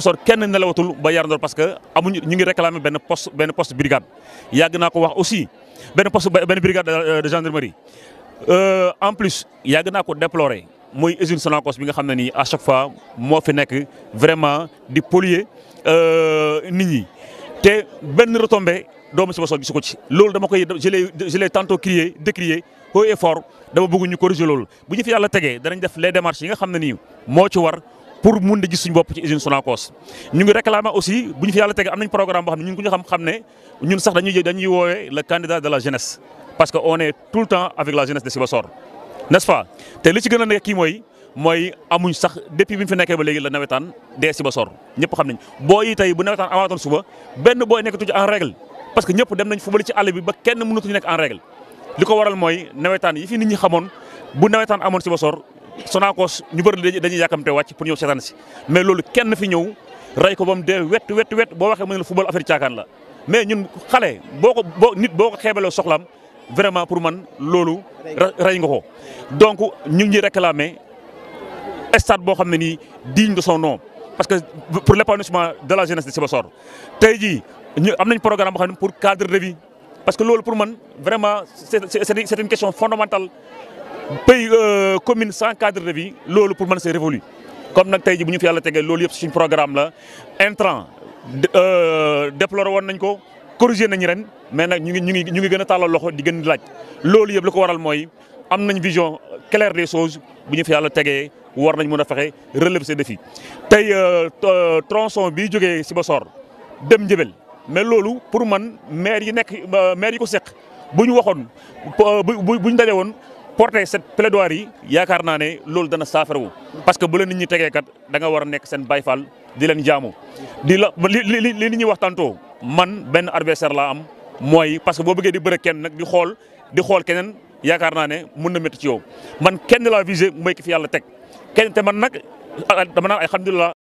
sor kenn nelawatul ba Yar Ndor parce que amuñu ñu ngi réclamer benn poste benn poste brigade yàgg naa ko wax aussi benn poste benn brigade de euh, gendarmerie euh, en plus yàgg naa ko déplorer mooy usine Sonacos bi nga xam ne nii à chaque fois moo fi nekk vraiment di polluer euh, nit ñi te benn retombée doomu si ba soog gisu ko ci loolu dama koy je l'ai je l'ai tantôt crié décrié haut et fort dama bëgg ñu corriger loolu bu ñu fi yàlla tegee danañ def les démarches yi nga xam ne nii moo ci war. pour mun di gis bopp ci usine Sonacos ñu ngi réclamer aussi bu ñu fi yàlla teg am nañ programme boo xam ne ñun ku ñu xam xam ne ñun sax dañuy dañuy woowee le candidat de la jeunesse parce que on est tout le temps avec la jeunesse de Sibassor nest pas te li ci gën a nekk mooy mooy amuñ sax depuis bi mu nekkee ba léegi la nawetaan dee Sibassor ñëpp xam nañ boo yi tey bu nawetaan amaatoon suba benn booy nekk tuuti en règle parce que ñëpp dem nañ fubali ci kenn mënatuñu nekk en règle li ko waral mooy nawetaan yi fi nit ñi xamoon bu nawetaan Sonacos ñu bëri dañuy yàkkamte wàcc pour ñëw seetaan si mais loolu kenn fi ñëw rey ko ba mu dee wet wet wet boo waxee mu ne la football affaire caakaan la mais ñun xale boo ko boo nit boo ko xeebaloo soxlaam vraiment pour man loolu ray nga ko donc ñu ngi réclamer stade boo xam ne nii digne de son nom parce que pour l'épanouissement de la jeunesse de Sibassor tey jii ñu na nañ programme boo xam ne pour cadre de vie parce que loolu pour man vraiment c'est c'est pays euh, commune sans cadre de vie loolu pour man c'est révolu comme nag tey ji bu ñu fi yàlla tegee loolu yëpp suñu programme la intrant euh, déploré woon nañ ko corrigé nañ ren mais nag ñu ngi ñu ngi ñu ngi gën a tàllal loxo di gën di laaj loolu yëpp la ko waral mooy am nañ vision claire des choses bu ñu fi yàlla tegee war nañ mën a fexe relever ces défis tey euh, tronçon bi jógee Sibassor dem Njëbel mais loolu pour man maire yi nekk maire yi ko seq bu ñu waxoon bu ñu daje woon porter cette plaidoirie yi yaakaar naa ne loolu dana saafarawu parce que bu la nit ñi tegee kat da nga war a nekk seen bayfal di leen jaamu. la li li li man benn adversaire laa am mooy parce que boo bëggee di bëre kenn nag di xool di xool keneen yaakaar naa ne mun na métti ci yow man kenn la visé mooy ki fi yàlla teg te man nag ah, dama